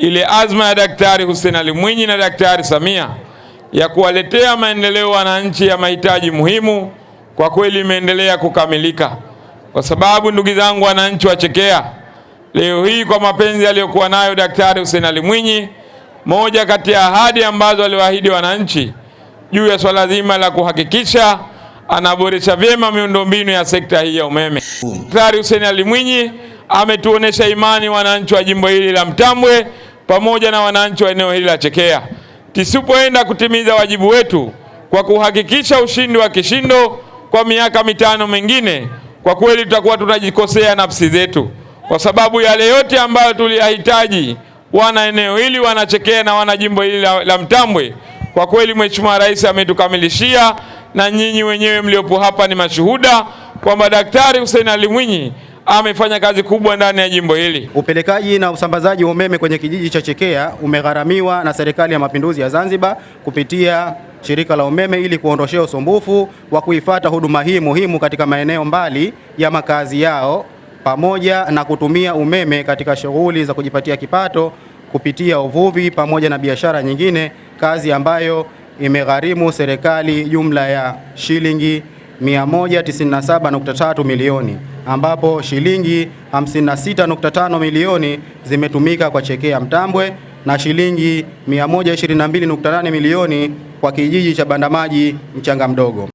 ile azma ya Daktari Hussein Ali Mwinyi na Daktari Samia ya kuwaletea maendeleo wananchi ya mahitaji muhimu kwa kweli imeendelea kukamilika, kwa sababu ndugu zangu wananchi wa Chekea leo hii kwa mapenzi aliyokuwa nayo Daktari Hussein Ali Mwinyi, moja kati ya ahadi ambazo aliwaahidi wananchi juu ya swala zima la kuhakikisha anaboresha vyema miundombinu ya sekta hii ya umeme. Daktari Hussein Ali Mwinyi ametuonesha imani wananchi wa jimbo hili la Mtambwe pamoja na wananchi wa eneo hili la Chekea. Tusipoenda kutimiza wajibu wetu kwa kuhakikisha ushindi wa kishindo kwa miaka mitano mingine, kwa kweli tutakuwa tunajikosea nafsi zetu, kwa sababu yale yote ambayo tuliyahitaji wana eneo hili, wanachekea na wana jimbo hili la, la Mtambwe, kwa kweli Mheshimiwa Rais ametukamilishia, na nyinyi wenyewe mliopo hapa ni mashuhuda kwamba Daktari Hussein Ali Mwinyi amefanya kazi kubwa ndani ya jimbo hili. Upelekaji na usambazaji wa umeme kwenye kijiji cha Chekea umegharamiwa na Serikali ya Mapinduzi ya Zanzibar kupitia shirika la umeme ili kuondoshea usumbufu wa kuifata huduma hii muhimu katika maeneo mbali ya makazi yao pamoja na kutumia umeme katika shughuli za kujipatia kipato kupitia uvuvi pamoja na biashara nyingine, kazi ambayo imegharimu serikali jumla ya shilingi 197.3 milioni ambapo shilingi 56.5 milioni zimetumika kwa chekea Mtambwe na shilingi 122.8 milioni kwa kijiji cha Bandamaji Mchanga Mdogo.